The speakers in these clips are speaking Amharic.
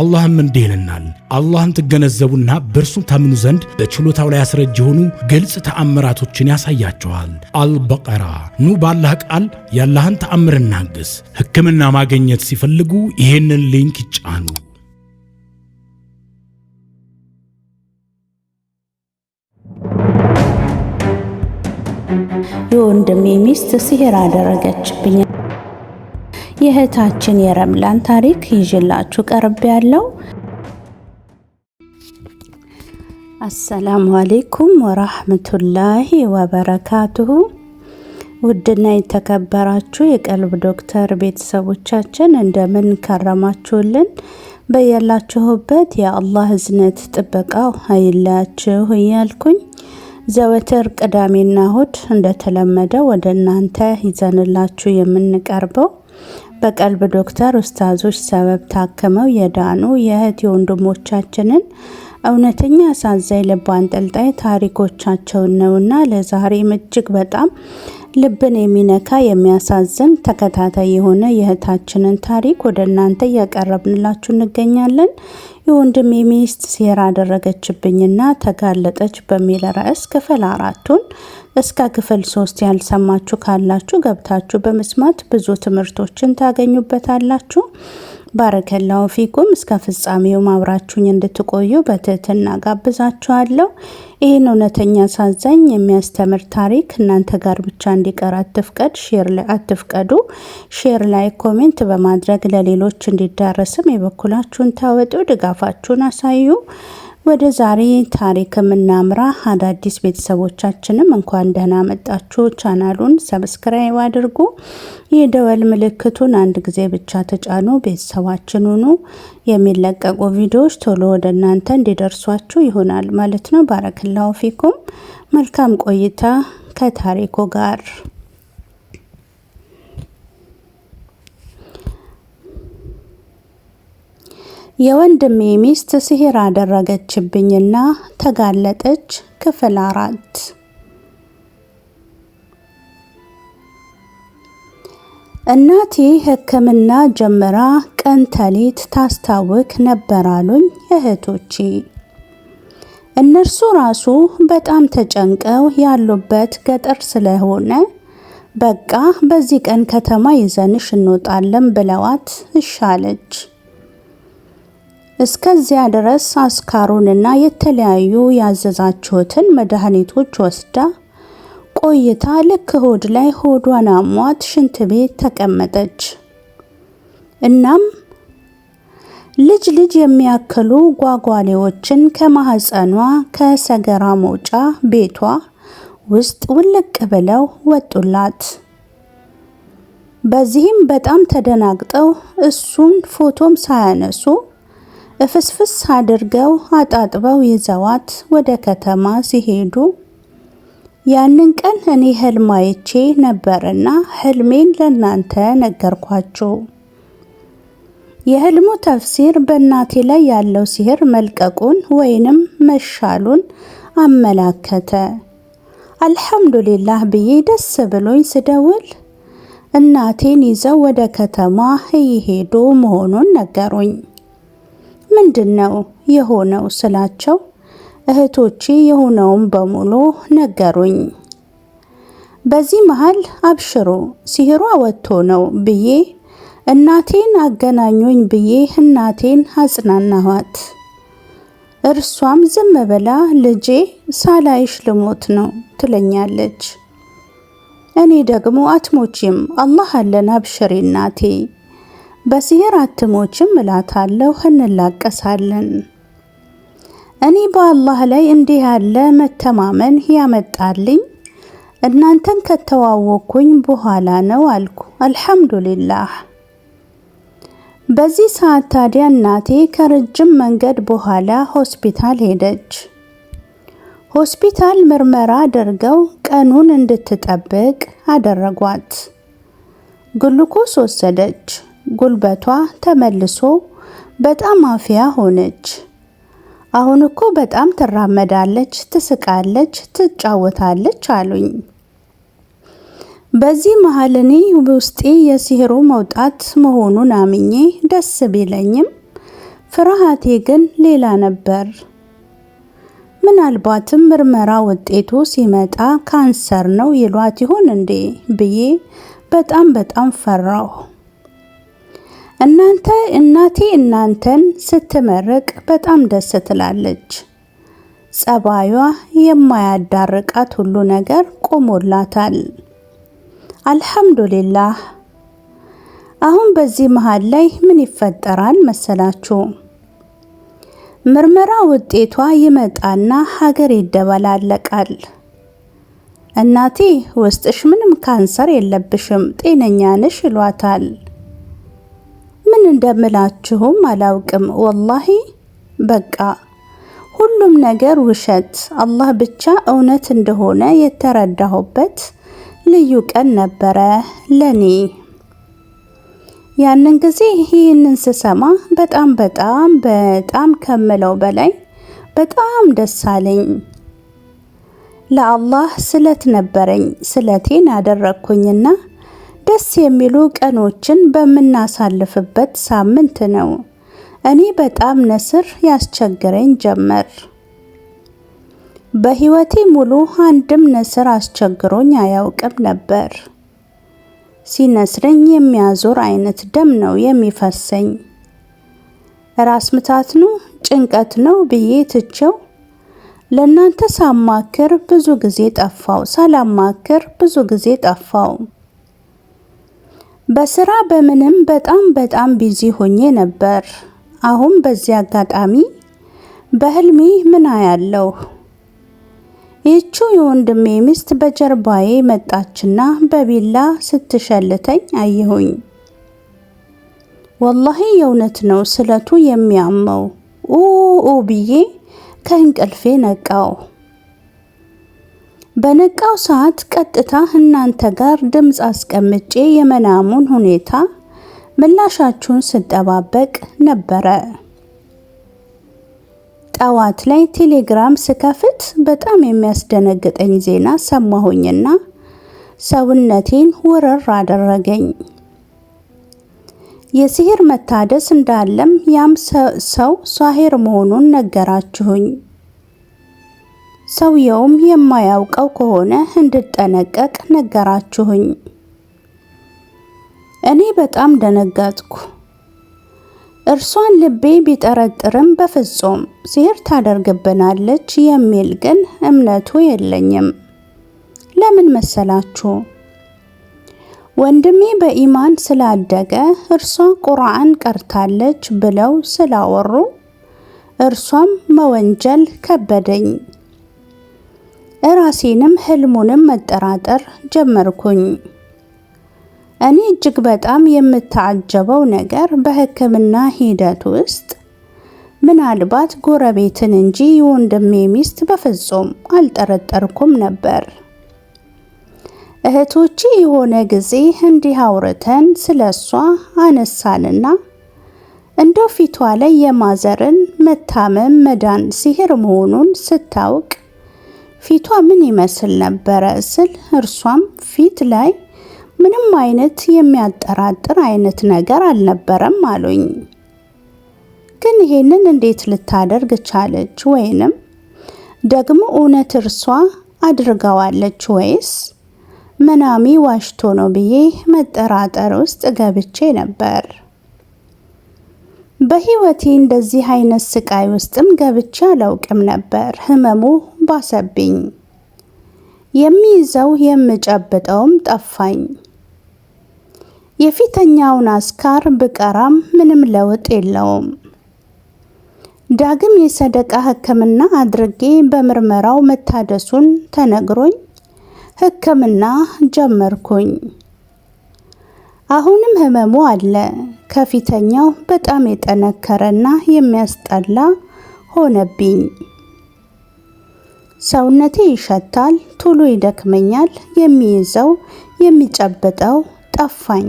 አላህም እንዲህ ይለናል፣ አላህን ትገነዘቡና በእርሱ ታምኑ ዘንድ በችሎታው ላይ አስረጅ የሆኑ ግልጽ ተአምራቶችን ያሳያቸዋል። አልበቀራ ኑ ባላህ ቃል ያላህን ተአምር እናግስ። ሕክምና ማግኘት ሲፈልጉ ይህንን ሊንክ ይጫኑ። የወንድሜ ሚስት ሲህር አደረገችብኝ። የእህታችን የረምላን ታሪክ ይዤላችሁ ቀርብ ያለው። አሰላሙ አሌይኩም ወራህመቱላሂ ወበረካቱሁ። ውድና የተከበራችሁ የቀልብ ዶክተር ቤተሰቦቻችን እንደምን ከረማችሁልን? በያላችሁበት የአላህ እዝነት ጥበቃው አይለያችሁ እያልኩኝ ዘወትር ቅዳሜና እሁድ እንደተለመደው ወደ እናንተ ይዘንላችሁ የምንቀርበው በቀልብ ዶክተር ኡስታዞች ሰበብ ታክመው የዳኑ የእህት የወንድሞቻችንን እውነተኛ አሳዛኝ ልብ አንጠልጣይ ታሪኮቻቸውን ነውና ለዛሬም እጅግ በጣም ልብን የሚነካ የሚያሳዝን ተከታታይ የሆነ የእህታችንን ታሪክ ወደ እናንተ እያቀረብንላችሁ እንገኛለን። የወንድሜ ሚስት ሴራ አደረገችብኝና ተጋለጠች በሚል ርዕስ ክፍል አራቱን እስከ ክፍል ሶስት ያልሰማችሁ ካላችሁ ገብታችሁ በመስማት ብዙ ትምህርቶችን ታገኙበታላችሁ። ባረከላው ፊኩም እስከ ፍጻሜው ማብራችሁኝ እንድትቆዩ በትህትና ጋብዛችኋለሁ። ይህን እውነተኛ ሳዛኝ የሚያስተምር ታሪክ እናንተ ጋር ብቻ እንዲቀር አትፍቀድ ሼር ላይ አትፍቀዱ። ሼር ላይ ኮሜንት በማድረግ ለሌሎች እንዲዳረስም የበኩላችሁን ታወጡ፣ ድጋፋችሁን አሳዩ። ወደ ዛሬ ታሪክ የምናምራ አዳዲስ ቤተሰቦቻችንም እንኳን ደህና መጣችሁ። ቻናሉን ሰብስክራይብ አድርጉ፣ የደወል ምልክቱን አንድ ጊዜ ብቻ ተጫኑ። ቤተሰባችን ሁኑ። የሚለቀቁ ቪዲዮዎች ቶሎ ወደ እናንተ እንዲደርሷችሁ ይሆናል ማለት ነው። ባረክላው ፊኩም መልካም ቆይታ ከታሪኩ ጋር የወንድሜ ሚስት ስሂር አደረገችብኝና ተጋለጠች ክፍል አራት እናቴ ሕክምና ጀምራ ቀን ተሌት ታስታውክ ነበራሉኝ እህቶቼ። እነርሱ ራሱ በጣም ተጨንቀው ያሉበት ገጠር ስለሆነ በቃ በዚህ ቀን ከተማ ይዘንሽ እንወጣለን ብለዋት እሻለች። እስከዚያ ድረስ አስካሩንና የተለያዩ ያዘዛችሁትን መድኃኒቶች ወስዳ ቆይታ ልክ ሆድ ላይ ሆዷን አሟት ሽንት ቤት ተቀመጠች። እናም ልጅ ልጅ የሚያክሉ ጓጓሌዎችን ከማህፀኗ ከሰገራ መውጫ ቤቷ ውስጥ ውልቅ ብለው ወጡላት። በዚህም በጣም ተደናግጠው እሱን ፎቶም ሳያነሱ እፍስፍስ አድርገው አጣጥበው ይዘዋት ወደ ከተማ ሲሄዱ ያንን ቀን እኔ ህልም አይቼ ነበርና ህልሜን ለእናንተ ነገርኳችሁ። የህልሙ ተፍሲር በእናቴ ላይ ያለው ሲህር መልቀቁን ወይንም መሻሉን አመላከተ። አልሐምዱሊላህ ብዬ ደስ ብሎኝ ስደውል እናቴን ይዘው ወደ ከተማ እየሄዱ መሆኑን ነገሩኝ። ምንድን ነው የሆነው ስላቸው እህቶቼ የሆነውን በሙሉ ነገሩኝ። በዚህ መሃል አብሽሩ ሲህሯ ወጥቶ ነው ብዬ እናቴን አገናኙኝ ብዬ እናቴን አጽናናኋት። እርሷም ዝም ብላ ልጄ ሳላይሽ ልሞት ነው ትለኛለች። እኔ ደግሞ አትሞቺም፣ አላህ አለን፣ አብሽሪ እናቴ በሲህር አትሞችም እላታለሁ እንላቀሳለን። እኔ በአላህ ላይ እንዲህ ያለ መተማመን ያመጣልኝ እናንተን ከተዋወቅኩኝ በኋላ ነው አልኩ። አልሐምዱሊላህ። በዚህ ሰዓት ታዲያ እናቴ ከረጅም መንገድ በኋላ ሆስፒታል ሄደች። ሆስፒታል ምርመራ አድርገው ቀኑን እንድትጠብቅ አደረጓት። ግሉኮስ ወሰደች። ጉልበቷ ተመልሶ በጣም አፍያ ሆነች። አሁን እኮ በጣም ትራመዳለች፣ ትስቃለች፣ ትጫወታለች አሉኝ። በዚህ መሀል እኔ ውስጤ የሲህሩ መውጣት መሆኑን አምኜ ደስ ቢለኝም ፍርሃቴ ግን ሌላ ነበር። ምናልባትም ምርመራ ውጤቱ ሲመጣ ካንሰር ነው ይሏት ይሆን እንዴ ብዬ በጣም በጣም ፈራሁ። እናንተ እናቴ እናንተን ስትመርቅ በጣም ደስ ትላለች። ጸባዩዋ የማያዳርቃት ሁሉ ነገር ቆሞላታል። አልሐምዱሊላህ። አሁን በዚህ መሃል ላይ ምን ይፈጠራል መሰላችሁ? ምርመራ ውጤቷ ይመጣና ሀገር ይደበላለቃል። እናቴ ውስጥሽ ምንም ካንሰር የለብሽም ጤነኛ ነሽ ይሏታል። እንደምላችሁም አላውቅም። ወላሂ በቃ ሁሉም ነገር ውሸት፣ አላህ ብቻ እውነት እንደሆነ የተረዳሁበት ልዩ ቀን ነበረ ለኔ። ያንን ጊዜ ይህንን ስሰማ በጣም በጣም በጣም ከምለው በላይ በጣም ደስ አለኝ። ለአላህ ስለት ነበረኝ። ስለቴን አደረግኩኝና ደስ የሚሉ ቀኖችን በምናሳልፍበት ሳምንት ነው። እኔ በጣም ነስር ያስቸግረኝ ጀመር። በህይወቴ ሙሉ አንድም ነስር አስቸግሮኝ አያውቅም ነበር። ሲነስረኝ የሚያዞር አይነት ደም ነው የሚፈሰኝ። ራስ ምታት ነው፣ ጭንቀት ነው ብዬ ትቼው ለእናንተ ሳማክር ብዙ ጊዜ ጠፋው፣ ሳላማክር ብዙ ጊዜ ጠፋው። በስራ በምንም በጣም በጣም ቢዚ ሆኜ ነበር። አሁን በዚህ አጋጣሚ በህልሜ ምን አያለሁ? ይቹ የወንድሜ ሚስት በጀርባዬ መጣችና በቢላ ስትሸልተኝ አየሁኝ። ወላሂ የእውነት ነው ስለቱ የሚያመው ኡ ብዬ ከእንቅልፌ ነቃው። በነቃው ሰዓት ቀጥታ እናንተ ጋር ድምፅ አስቀምጬ የመናሙን ሁኔታ ምላሻችሁን ስጠባበቅ ነበረ። ጠዋት ላይ ቴሌግራም ስከፍት በጣም የሚያስደነግጠኝ ዜና ሰማሁኝና ሰውነቴን ውርር አደረገኝ። የሲሄር መታደስ እንዳለም ያም ሰው ሳሄር መሆኑን ነገራችሁኝ። ሰውየውም የማያውቀው ከሆነ እንድጠነቀቅ ነገራችሁኝ። እኔ በጣም ደነጋጥኩ። እርሷን ልቤ ቢጠረጥርም በፍጹም ሲህር ታደርግብናለች የሚል ግን እምነቱ የለኝም። ለምን መሰላችሁ? ወንድሜ በኢማን ስላደገ እርሷ ቁርአን ቀርታለች ብለው ስላወሩ እርሷም መወንጀል ከበደኝ። እራሴንም ህልሙንም መጠራጠር ጀመርኩኝ። እኔ እጅግ በጣም የምታጀበው ነገር በህክምና ሂደት ውስጥ ምናልባት ጎረቤትን እንጂ የወንድሜ ሚስት በፍጹም አልጠረጠርኩም ነበር። እህቶቼ የሆነ ጊዜ እንዲህ አውርተን ስለ እሷ አነሳንና እንደው ፊቷ ላይ የማዘርን መታመም መዳን ሲህር መሆኑን ስታውቅ ፊቷ ምን ይመስል ነበረ ስል እርሷም ፊት ላይ ምንም አይነት የሚያጠራጥር አይነት ነገር አልነበረም አሉኝ። ግን ይሄንን እንዴት ልታደርግ ቻለች? ወይንም ደግሞ እውነት እርሷ አድርገዋለች ወይስ መናሚ ዋሽቶ ነው ብዬ መጠራጠር ውስጥ ገብቼ ነበር። በህይወቴ እንደዚህ አይነት ስቃይ ውስጥም ገብቼ አላውቅም ነበር። ህመሙ ባሰብኝ። የሚይዘው የምጨብጠውም ጠፋኝ። የፊተኛውን አስካር ብቀራም ምንም ለውጥ የለውም። ዳግም የሰደቃ ሕክምና አድርጌ በምርመራው መታደሱን ተነግሮኝ ሕክምና ጀመርኩኝ። አሁንም ህመሙ አለ። ከፊተኛው በጣም የጠነከረና የሚያስጠላ ሆነብኝ። ሰውነቴ ይሸታል፣ ቶሎ ይደክመኛል፣ የሚይዘው የሚጨብጠው ጠፋኝ።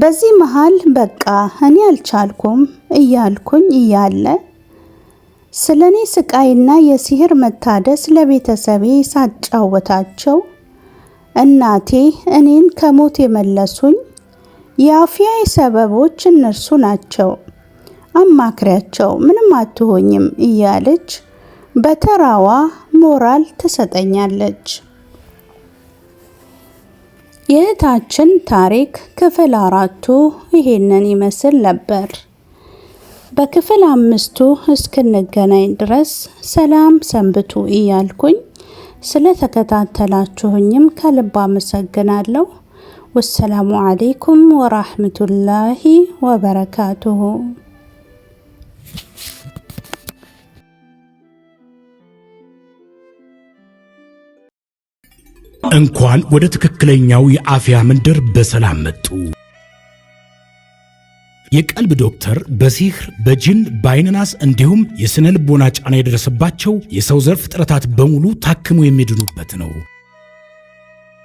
በዚህ መሃል በቃ እኔ አልቻልኩም እያልኩኝ እያለ ስለ እኔ ስቃይና የሲህር መታደስ ለቤተሰቤ ሳጫወታቸው እናቴ እኔን ከሞት የመለሱኝ የአፍያዬ ሰበቦች እነርሱ ናቸው። አማክሪያቸው ምንም አትሆኝም እያለች በተራዋ ሞራል ትሰጠኛለች። የእህታችን ታሪክ ክፍል አራቱ ይሄንን ይመስል ነበር። በክፍል አምስቱ እስክንገናኝ ድረስ ሰላም ሰንብቱ እያልኩኝ ስለተከታተላችሁኝም ከልብ አመሰግናለሁ። ወሰላሙ አሌይኩም ወራህመቱላሂ ወበረካቱሁ። እንኳን ወደ ትክክለኛው የአፍያ መንደር በሰላም መጡ። የቀልብ ዶክተር በሲህር በጅን በአይነናስ እንዲሁም የስነ ልቦና ጫና የደረሰባቸው የሰው ዘር ፍጥረታት በሙሉ ታክሞ የሚድኑበት ነው።